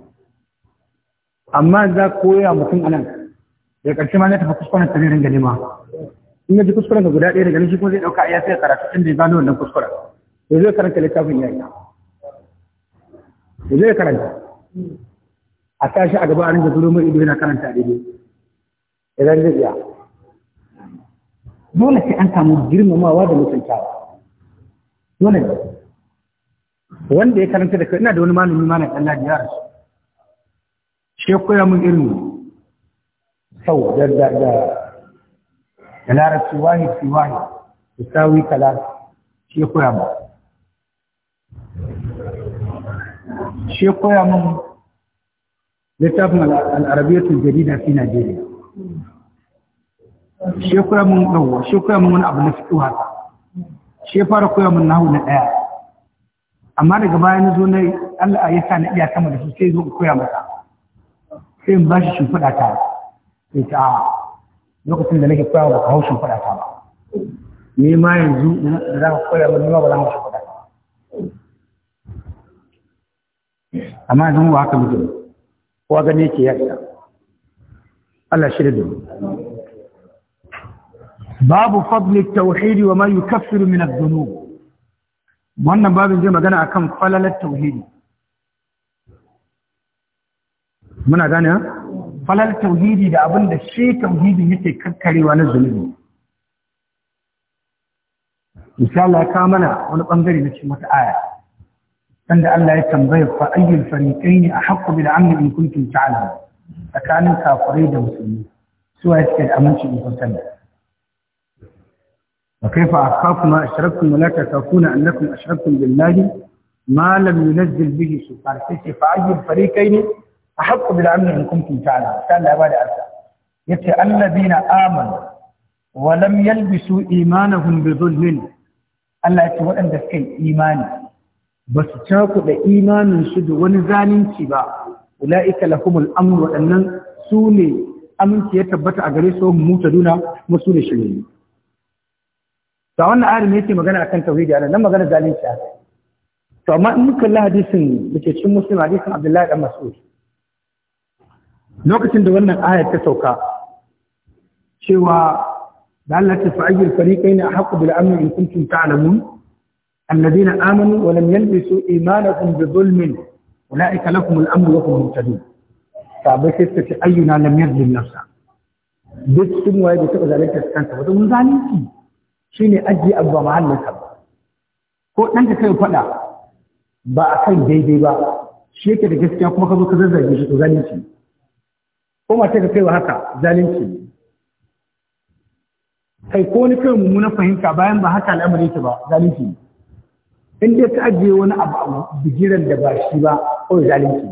amma za ku koya mutum a nan da ƙarshe ma na tafi kuskuren ta ringa nema in ya ji kuskuren guda ɗaya daga nishi kuma zai ɗauka ya sai karatu inda ya gano wannan kuskuren to zai karanta littafin ya yi to zai karanta a tashi a gaba a ringa zuru mai ido yana karanta a daidai idan zai iya dole sai an samu girmamawa da mutuntawa dole ne wanda ya karanta da ina da wani malami malam Allah ya rasu shi koya mun irin sau da da da da wani wahid wani da yusawi kalam shi koya mun shi koya mun littafin al'arabiyyatul jadida fi Najeriya shi koya mun dawo shi koya mun wani abu na fiqh haka shi fara koya mun nahu na daya amma daga baya na zo na Allah ya sa na iya sama da su sai zo koya masa sai in ba shi shimfiɗa ta sai ta lokacin da nake koya ba ka hau shimfiɗa ta ba ni ma yanzu da za ka koya ba ni ma ba za ka shimfiɗa ta amma yanzu ba haka mutum kowa gani yake yadda Allah shi da domin babu fadli tauhidi wa ma yukaffiru min adh-dhunub wannan babin zai magana akan falalar tauhidi muna gane falalar tauhidi da abin da shi tauhidi yake kakkarewa na zunubi Misali, ya kawo mana wani bangare na cikin wata aya sanda Allah ya tambaya fa ayyul fariqaini ahqqu bil amn in kuntum ta'lamun tsakanin kafirai da musulmi su yake suke da aminci in kun فكيف أخاف ما أشركتم ولا تخافون أنكم أشركتم بالله ما لم ينزل به سلطان كيف فأي الفريقين أحق بالأمن إن كنتم تعلمون كان لا بعد أرسل يتي الذين آمنوا ولم يلبسوا إيمانهم بظلم Allah ya ce waɗanda suka yi imani ba su cakuɗa imaninsu da wani zalunci ba ula'ika lahumul amn waɗannan su ne aminci ya tabbata a gare su mu mutaduna kuma su ne shirye to wannan ayar ne yake magana akan tauhidi anan nan magana zalunci aka to amma in muka kalli hadisin dake cikin muslim hadisin abdullahi dan mas'ud lokacin da wannan ayar ta sauka cewa da Allah ta fa'ayyul fariqain ahqqu bil amn in kuntum ta'lamun alladhina amanu wa lam yalbisu imanahum bi dhulmin ulaika lahum al amn wa hum muhtadun sabai sai ta ce ayyuna lam yadhlim nafsa duk sun waye da ta zalunta kanta wato mun zalunci ne ajiye abu ba mahallinsa ko ɗanka kai faɗa ba a kan daidai ba shi yake da gaskiya kuma ka zo ka zazzage shi to zalunci ko mace ka kai wa haka zalunci kai ko ni kai mummunan fahimta bayan ba haka al'amari yake ba zalunci in dai ka ajiye wani abu a bijiran da ba shi ba ko zalunci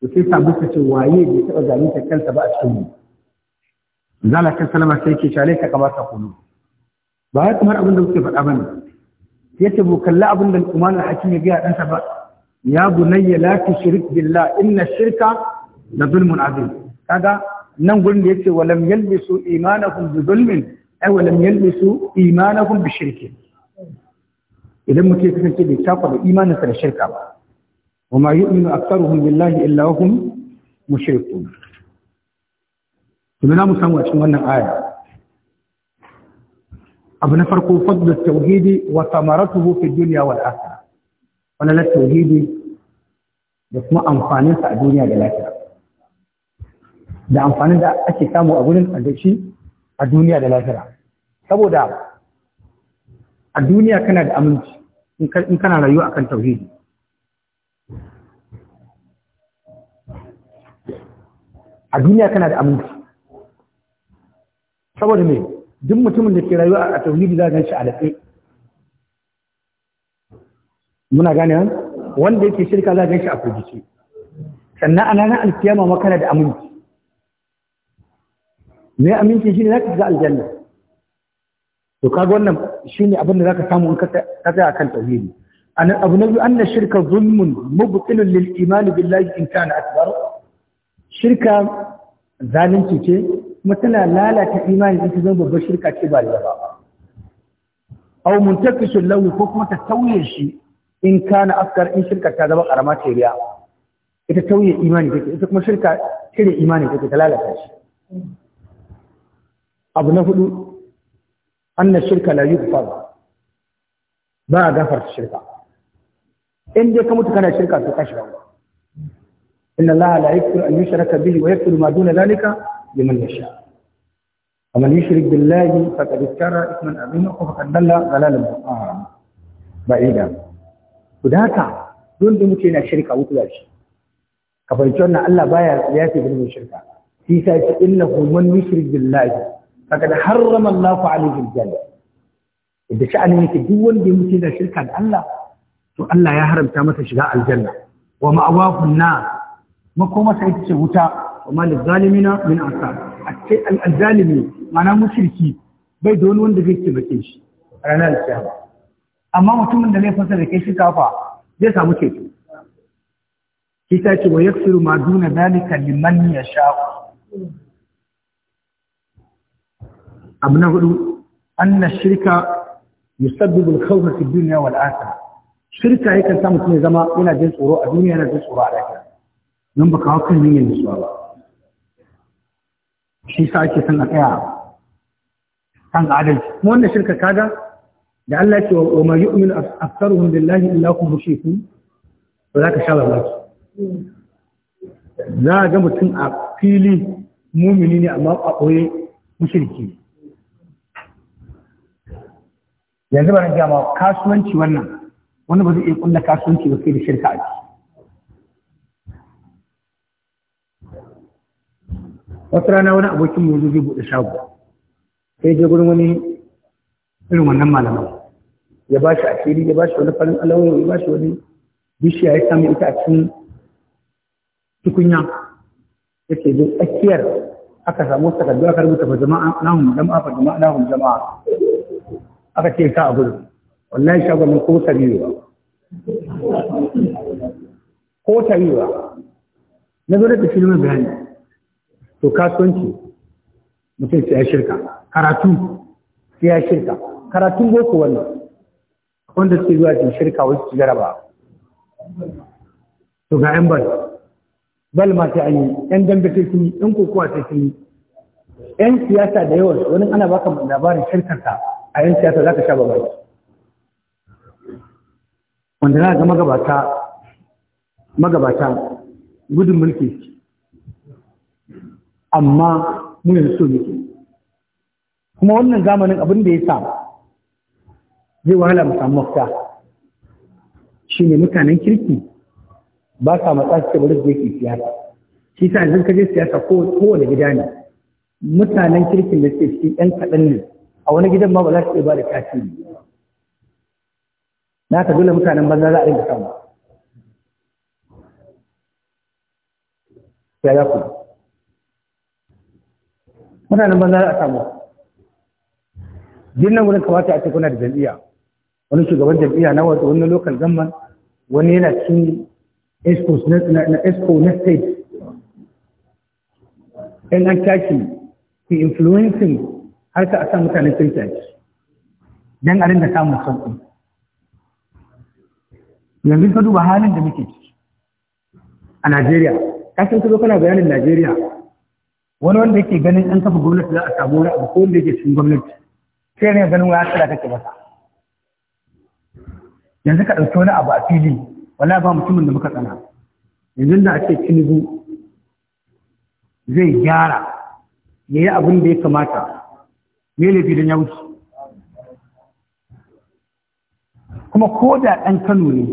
to sai samu ka ce waye bai taɓa zalunta kansa ba a cikin mu zalakan salama sai ke shale ka kamata kuma ba wai kamar abin da suke faɗa ba bane yace bu kalla abin da Luqman al-Hakim ya ga dan sa ba ya bunayya la tushrik billah inna shirka la zulmun azim kaga nan gurin da yace walam yalbisu imanahum bi zulmin ai walam yalbisu imanahum bi shirki idan mutum ya kasance bai shafa da imaninsa da shirka ba وما يؤمن أكثرهم biLlahi إلا وهم مشركون. Tuna mu san cikin wannan aya. abu na farko fadlu tauhidi wa samaratuhu fi dunya wal akhirah wannan tauhidi da kuma amfanin sa a duniya da lafiya da amfanin da ake samu a gurin addashi a duniya da lafiya saboda a duniya kana da aminci in kana rayuwa akan tauhidi a duniya kana da aminci saboda me duk mutumin da ke rayuwa a tauhidi za gan shi a latsi muna gane wanda yake shirka za gan shi a kogice sannan ana nan alkiyama makana da aminci me aminci shi shine za shiga aljanna to kaga wannan ne abin da zaka samu in ka tsaya akan tauhidi an abu na biyu الشرك shirka مبطل mubtilun بالله iman كان in kana ظالم shirka ce kuma tana lalata imani in ta zama babbar shirka ce ba da ba aw muntakishin lahu ko kuma ta tauye shi in kana afkar in shirka ta zama karama ce riya ita tauye imani take ita kuma shirka cire imani take ta lalata shi abu na hudu anna shirka la yughfar ba a gafarta shirka in dai ka mutu kana shirka to ka shiga inna allaha la yaghfiru an yushraka bihi wa yaghfiru ma duna dhalika liman yasha ومن يشرك بالله فقد افترى اثما عظيما وفقد ضل ضلالا بعيدا ودهكا دون da muke na shirka wuta shi ka fahimci wannan Allah baya ya fi gurbin shirka shi sa ce innahu man yushrik billahi faqad harrama Allahu alayhi aljanna idan sha'ani duk wanda muke na shirka da Allah to Allah ya haramta masa shiga aljanna wa ma'awahu makoma sai ce wuta wa da lizalimina min asar a ce al'azalimi ma'ana mushriki bai da wani wanda zai taimake shi ranar kiyama amma mutumin da laifinsa da kai shi kafa zai samu ceto shi ta ce wa yaksiru ma duna zalika liman yasha'u abu na hudu anna shirka yusabbibu al-khawfa fi dunya wal akhirah shirka yakan sa mutum ya zama yana jin tsoro a duniya yana jin tsoro a lahira don ba kawo kan yin nutsuwa ba shi sa ake son a tsaya kan adalci kuma wannan shirka kaga da Allah ce wa ma yu'minu aktsaruhum billahi illa hum mushrikun ba za ka sha mamaki za a ga mutum a fili mumini ne amma a ɓoye mushriki yanzu ba na gama kasuwanci wannan wani ba zai iya kulla kasuwanci ba sai da shirka a ciki wata rana wani abokin mu zai buɗe shago sai je gurin wani irin wannan malaman ya ba shi asiri ya ba shi wani farin alawo ya ba shi wani bishiya ya sami ita a cikin tukunya ya ce duk tsakiyar aka samu takardu aka rubuta ba jama'a nahum jama'a ba jama'a nahum jama'a aka ce ka a gudu wallahi shagon ko tariwa ko tariwa na zo da tafi mai bayani to kasuwanci mutum sai ya shirka karatu sai ya shirka karatun boko wannan wanda suke zuwa cin shirka wasu ci jaraba to ga yan bal bal ma sai an yi yan dambe sai sun yi yan kokowa sai sun yi yan siyasa da yawan wani ana baka labarin shirkarta a yan siyasa za ka sha babai wanda na ga magabata magabata gudun mulki amma muna yanzu so muke kuma wannan zamanin abin da ya sa zai wahala mu samu mafita Shi ne mutanen kirki ba sa matsa su su yake siyasa shi sa yanzu ka je siyasa kowane gida ne mutanen kirkin da suke cikin yan kaɗan ne a wani gidan ma ba za su iya ba da tasiri na ka dole mutanen banza za a rinka samu ya za mutanen banza za a samu jinnan wurin kamata a ce kuna da jam'iyya wani shugaban jam'iyya na wato wani local government wani yana cikin expo na esco na state in an tashi ki influencing har ka a sa mutanen sun tashi don a rinda samun sauƙi yanzu ka duba halin da muke ciki a Najeriya ka san ka zo kana bayanin Najeriya wani wanda yake ganin an kafa gwamnati za a samu wani abu ko wanda yake cikin gwamnati sai ne ganin wani asara kake masa yanzu ka ɗauki wani abu a fili wala ba mutumin da muka tsana yanzu da ake tinubu zai gyara ya yi abin da ya kamata me laifi don ya wuce kuma ko da ɗan kano ne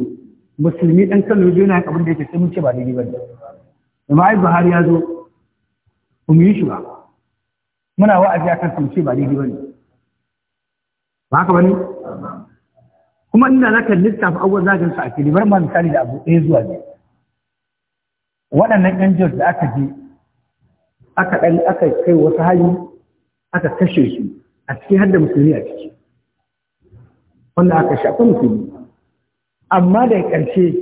musulmi ɗan kano ne yana abin da yake sai mun ce ba daidai ba ne amma ai buhari ya zo ba mu yi shi ba muna wa'azi akan su ce ba daidai bane ba haka bane kuma ina zaka lissafa abubuwan zagin su a fili bar ma misali da abu ɗaya zuwa biyu waɗannan yan da aka je aka ɗari aka kai wasu hali aka kashe su a ciki har da musulmi a ciki wanda aka shafa musulmi amma da ƙarshe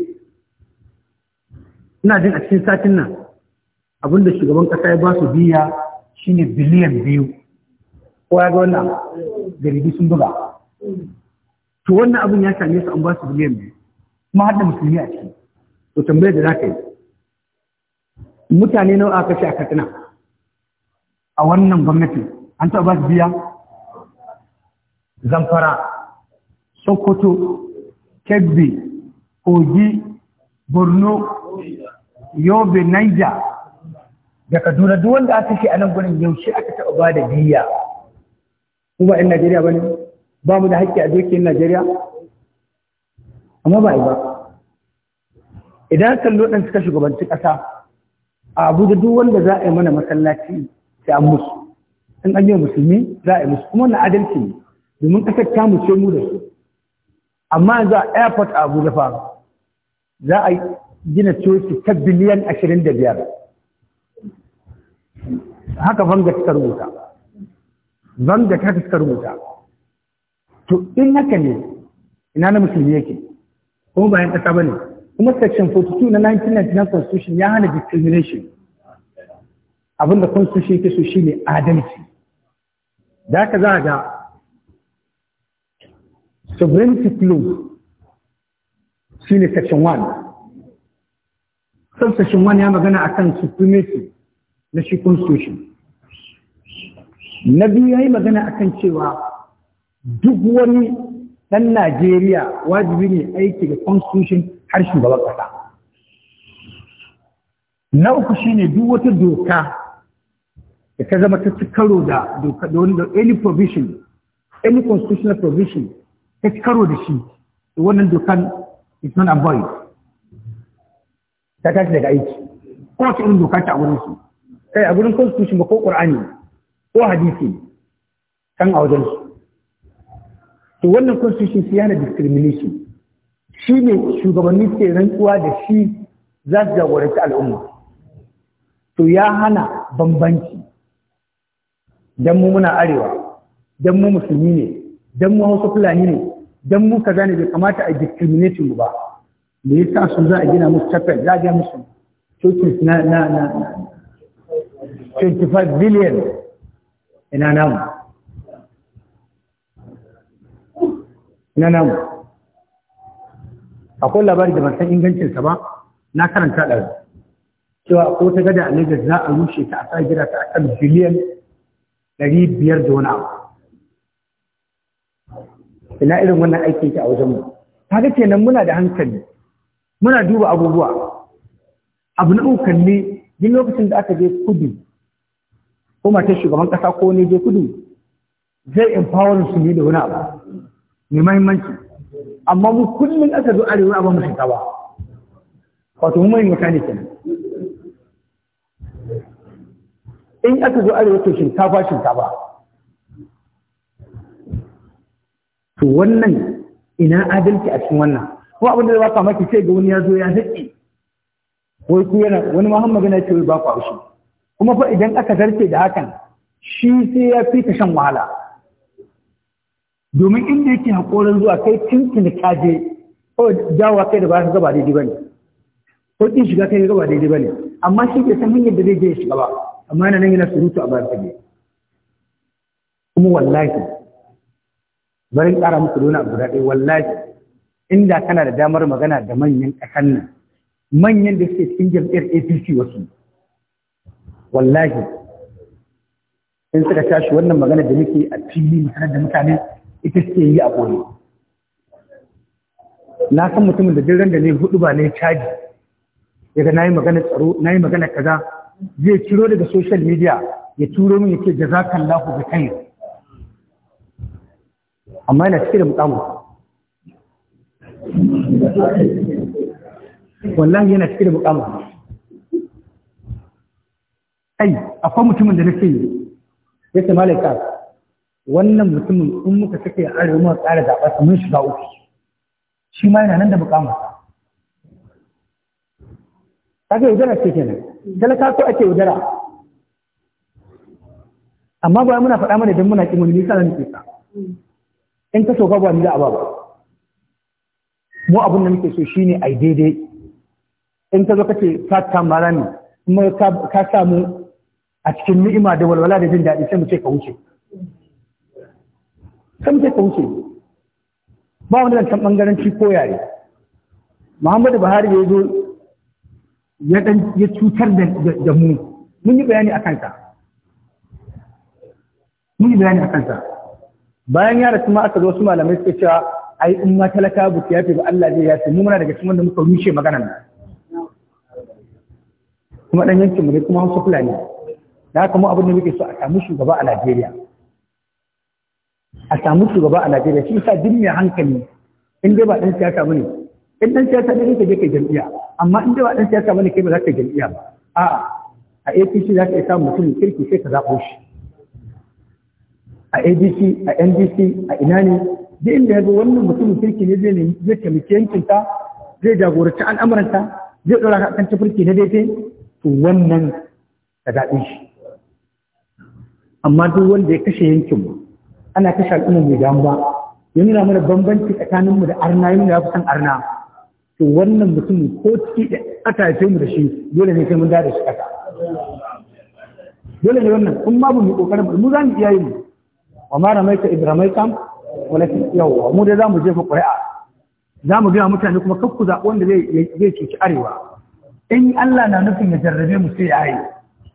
ina jin a cikin satin nan abinda shugaban kasa ya ba su biya shine biliyan biyu ko ya ga wannan garibi sun buga to wannan abin ya same su an ba su biliyan biyu kuma har da musulmi a ciki to tambayar da za ka yi mutane nawa aka ce a katina a wannan gwamnati an taɓa ba su biya zamfara sokoto kebbi kogi borno yobe niger da kaduna duk wanda aka ce a nan gurin yaushe aka taɓa ba da biya kuma in najeriya ba ne ba mu da haƙƙi a dokin najeriya amma ba ba idan kallo ɗan suka shugabanci ƙasa a abuja duk wanda za a yi mana masallaci sai an musu in an yi musulmi za a yi musu kuma na adalci ne domin ƙasar ta mu ce mu da su amma za a airport a abuja fa za a gina coci ta biliyan ashirin da biyar haka banga ta rubuta banga ta ta rubuta to in haka ne ina na musulmi yake kuma bayan kasa bane kuma section 42 na 1999 constitution ya hana discrimination abinda constitution yake so shine adalci da haka za ga sovereignty clause shine section 1 subsection 1 ya magana akan supremacy na shi constitution na biyu ya yi magana kan cewa duk wani ɗan najeriya wajibi ne aiki da constitution har shugaban ƙasa na uku shi ne duk wata doka da ta zama ta ci karo da doka da wani da any provision any constitutional provision ta ci karo da shi wannan dokan is not avoid ta tashi daga aiki kowace irin doka ta wurin su kai a gurin constitution ba ko ƙur'ani ko hadisi kan a wajen su to wannan constitution sai yana discrimination shi ne shugabanni ke rantsuwa da shi za su jagoranci al'umma to ya hana bambanci don mu muna arewa don mu musulmi ne don mu hausa fulani ne don mu kaza ne bai kamata a discriminate mu ba me yasa sun za a gina musu chapel za a gina musu coci na na na 25 billion ina namu ina namu akwai labari da ban san ingancinsa ba na karanta ɗari cewa ko ta gada a Lagos za a rushe ta a sa gida ta a kan biliyan ɗari biyar da wani abu. Ina irin wannan aikin ki a wajen mu. Ta ga kenan muna da hankali, muna duba abubuwa. Abu na uku duk lokacin da aka je kudu ko ta shugaban kasa ko ne je kudu zai empower su ne da wani abu mai mahimmanci amma mu kullum aka zo arewa abin mu shiga ba wato mu mai mutane kenan in aka zo arewa to shinkafa shinkafa to wannan ina adalci a cikin wannan ko abin da ba ka maki sai ga wani ya zo ya zaki. wai ku yana wani ma magana ce cewa ba ku haushi kuma fa idan aka zarce da hakan shi sai ya fi ka shan wahala domin inda yake haƙorin zuwa kai tuntuni ka je ko jawa kai da ba ka gaba daidai bane ko kin shiga kai gaba daidai bane amma shi ke san hanyar da zai je ya shiga ba amma yana nan yana surutu a bayan fage kuma wallahi bari in ƙara muku dona abu daɗe wallahi inda kana da damar magana da manyan ƙasan nan manyan da suke cikin jam'iyyar apc wasu wallahi in suka tashi wannan magana da muke a fili sanar da mutane ita suke yi a gobe na san mutumin da duk da ne hudu ba ne caji daga na yi magana tsaro na yi magana kaza zai ciro daga social media ya turo min yake jazakallahu da khair amma yana cike da mukamu wallahi yana cike da bukama ai akwai mutumin da na ce ya ce malaika wannan mutumin in muka sake a arewa muka tsara zaɓa su mun shiga uku shi ma yana nan da bukama ga yaudara ce kenan talaka ko ake yaudara amma ba muna faɗa mana idan muna ƙin wani nisa na nufi ka. in ka soka ba ni da ababa mu abin da muke so shine ai daidai in ta zo ka ce ka tambara ne kuma ka samu a cikin ni'ima da walwala da jin daɗi sai mu ce ka wuce sai mu ce ka wuce ba wani zancen ɓangaranci ko yare muhammadu buhari ya zo ya dan ya cutar da mu mun yi bayani a kansa mun yi bayani a kansa bayan ya rasu ma aka zo wasu malamai suka cewa ai in ma talaka bu ya fi ba Allah zai yafi mu muna daga cikin wanda muka rushe maganar nan kuma ɗan mu ne kuma hausa fulani da haka mu abin da muke so a samu shugaba a Najeriya a samu shugaba a Najeriya shi yasa duk mai hankali in dai ba ɗan siyasa bane in ɗan siyasa ne kake je ka jami'a amma in dai ba ɗan siyasa bane kai ba za ka jam'iyya ba a'a a APC za ka samu mutumin kirki sai ka zaɓo shi a abc a NDC a ina ne duk inda ya wannan mutumin kirki ne zai zai taimaki yankinta zai jagoranci al'amuranta zai ɗora kan tafarki na daidai wannan da daɗin shi amma duk wanda ya kashe yankin mu ana kashe al'umma mai damuwa ya nuna mana bambanci tsakanin mu da arna ya nuna ya san arna to wannan mutum ko ciki da aka ce mu da shi dole ne sai mun da shi aka dole ne wannan in ma mu kokarin mu za mu iya yi mu wa ma ramaita ibramaita walakin yawa mu da za mu jefa ƙuri'a za mu gina mutane kuma kakku zaɓi wanda zai cuci arewa in Allah na nufin ya jarrabe mu sai ya yi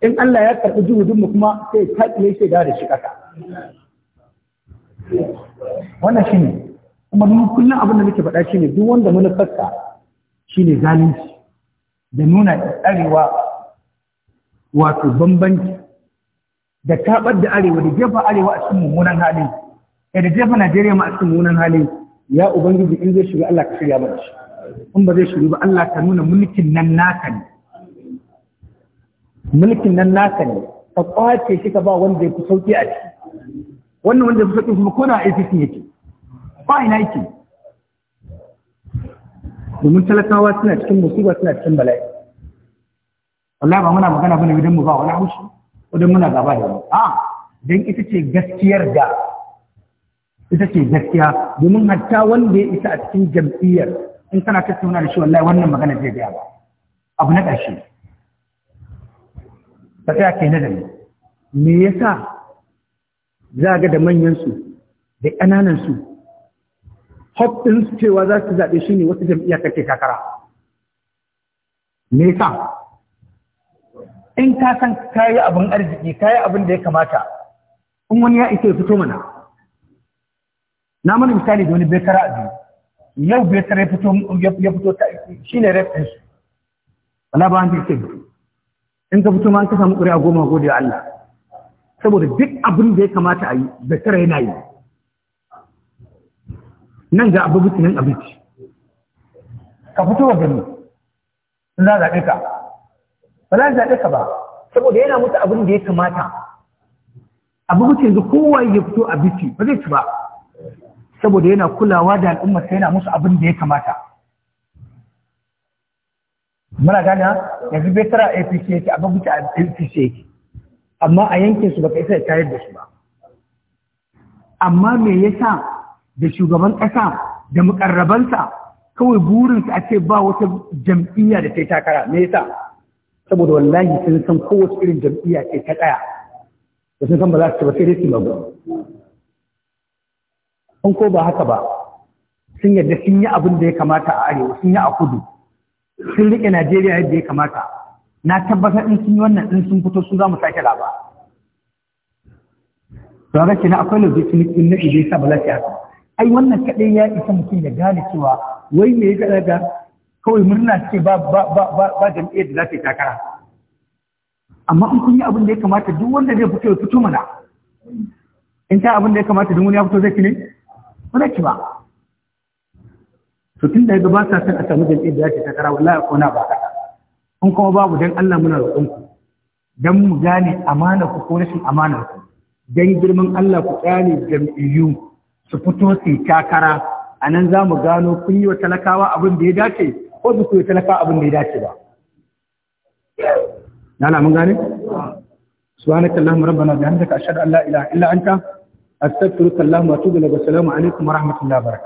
in Allah ya karɓi juhudin mu kuma sai ta kile shi da shi ƙasa. wannan shine kuma mun kullun abin da muke faɗa shine duk wanda mun fakka shine zalunci da nuna arewa wato bambanci da tabar da arewa da jefa arewa a cikin mummunan hali da jefa Najeriya ma a cikin mummunan hali ya ubangiji in zai shiga Allah ka shirya mana shi in ba zai shiru ba Allah ta nuna mulkin nan naka ne mulkin nan naka ne ka kwace shi ka ba wanda ya fi sauki a ciki wannan wanda ya fi sauki kuma kona APC yake ba ina yake domin talakawa suna cikin musiba suna cikin bala'i wallahi ba muna magana bane idan mu ba wani haushi idan muna gaba da wani a dan ita ce gaskiyar da ita ce gaskiya domin hatta wanda ya isa a cikin jam'iyyar in kana tattauna da shi wallahi wannan magana zai gaya ba abu na ƙarshe ta tsaya da ni. me yasa za ga da manyan su da ƙananan su hoppin su cewa za su zaɓe shi ne wata jam'iyya kake kakara me yasa in ka san kayi abin arziki kayi abin da ya kamata in wani ya isa ya fito mana na mana misali da wani bekara a biyu yau bai tare fito ya fito ta shi ne rep su wala ba wanda yake in ka fito ma ka samu ƙuri'a goma gode wa Allah saboda duk abin da ya kamata a yi da tare yana yi nan ga abubuwan nan abinci ka fito wa gani sun za zaɓe ka ba za zaɓe ka ba saboda yana mutu abin da ya kamata abubuwan yanzu kowa ya fito a biki ba zai ci ba saboda yana kulawa da al'ummar sai yana musu abin da ya kamata muna gane yanzu bai tara APC yake abin a APC yake amma a yankin su baka isa ya tayar da su ba amma me sa da shugaban ƙasa da mukarrabansa kawai burinsa a ce ba wata jam'iyya da ta yi takara me yasa saboda wallahi sun san kowace irin jam'iyya ce ta tsaya da sun san ba za su ci ba sai dai su in ko ba haka ba sun yadda sun yi abin da ya kamata a arewa sun yi a kudu sun riƙe najeriya yadda ya kamata na tabbatar in sun yi wannan in sun fito su za mu sake laba don rake na akwai sun yi na ije sa ba lafiya ai wannan kaɗai ya isa mutum ya gane cewa wai me ya gaɗa kawai murna ce ba ba ba ba ba jam'iyyar da za ta yi takara amma in kun yi abin da ya kamata duk wanda zai fito ya fito mana in ta abin da ya kamata duk wani ya fito zai ne ba ba sutun da da ba sa son a samu jam'iyyar da za ta takara wallahi ko na ba ka kun kuma babu don Allah muna roƙon ku don mu gane amana ku ko rashin amana ku don girman Allah ku gane jam'iyyu su fito su takara a nan za mu gano kun yi wa talakawa abin da ya dace ko ba ku yi talakawa abin da ya dace ba na mun gane subhanakallahumma rabbana bihamdika ashhadu an la ilaha illa anta astaghfiruka allahumma wa atubu ilaik assalamu alaikum wa rahmatullahi wa